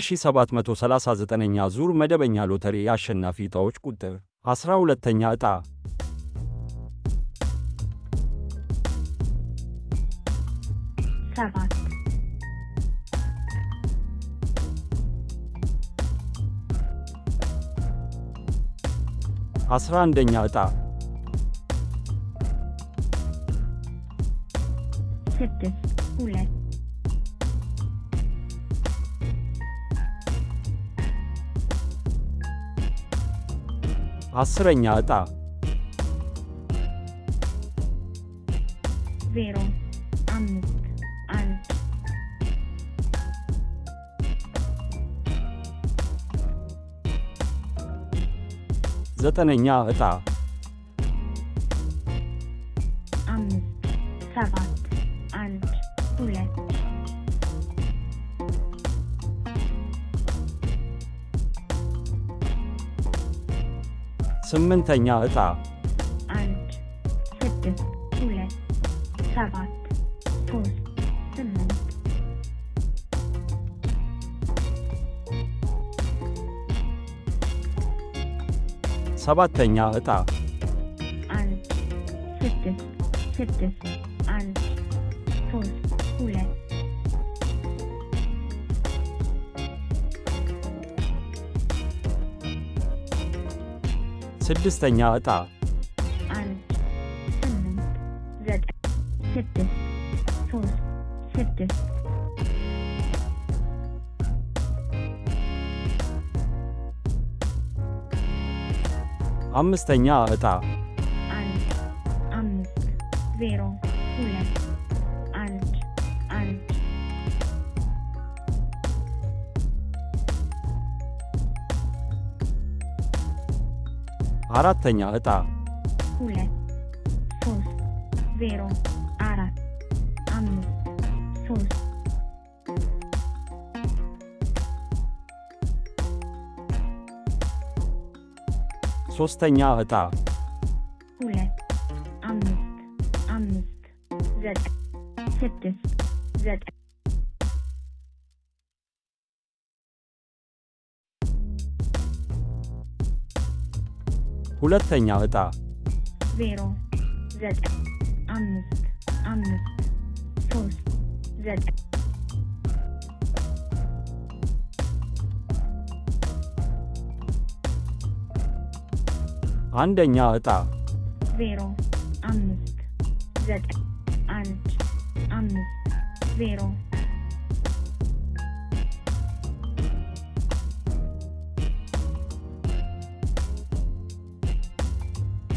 1739 ኛ ዙር መደበኛ ሎተሪ የአሸናፊ ዕጣዎች ቁጥር 12ኛ ዕጣ ሰባት አስራ አንደኛ ዕጣ ስድስት ሁለት አስረኛ እጣ ዜሮ አምስት አንድ ዘጠነኛ እጣ አምስት ሰባት ስምንተኛ እጣ አንድ ስድስት ሁለት ሰባት ሶስት ስምንት ሰባተኛ እጣ አንድ ስድስት ስድስት አንድ ሶስት ስድስተኛ ዕጣ አንድ ስምንት ዘጠኝ ስድስት ሶስት ስድስት አምስተኛ ዕጣ አንድ አምስት ዜሮ ሁለት አራተኛ እጣ ሁለት ሶስት ዜሮ አራት አምስት ሶስት ሶስተኛ እጣ ሁለት አምስት አምስት ዘጠኝ ስድስት ዘጠኝ ሁለተኛ ዕጣ ዜሮ ዘጠኝ አምስት አምስት ሶስት ዘጠኝ አንደኛ ዕጣ ዜሮ አምስት ዘጠኝ አንድ አምስት ዜሮ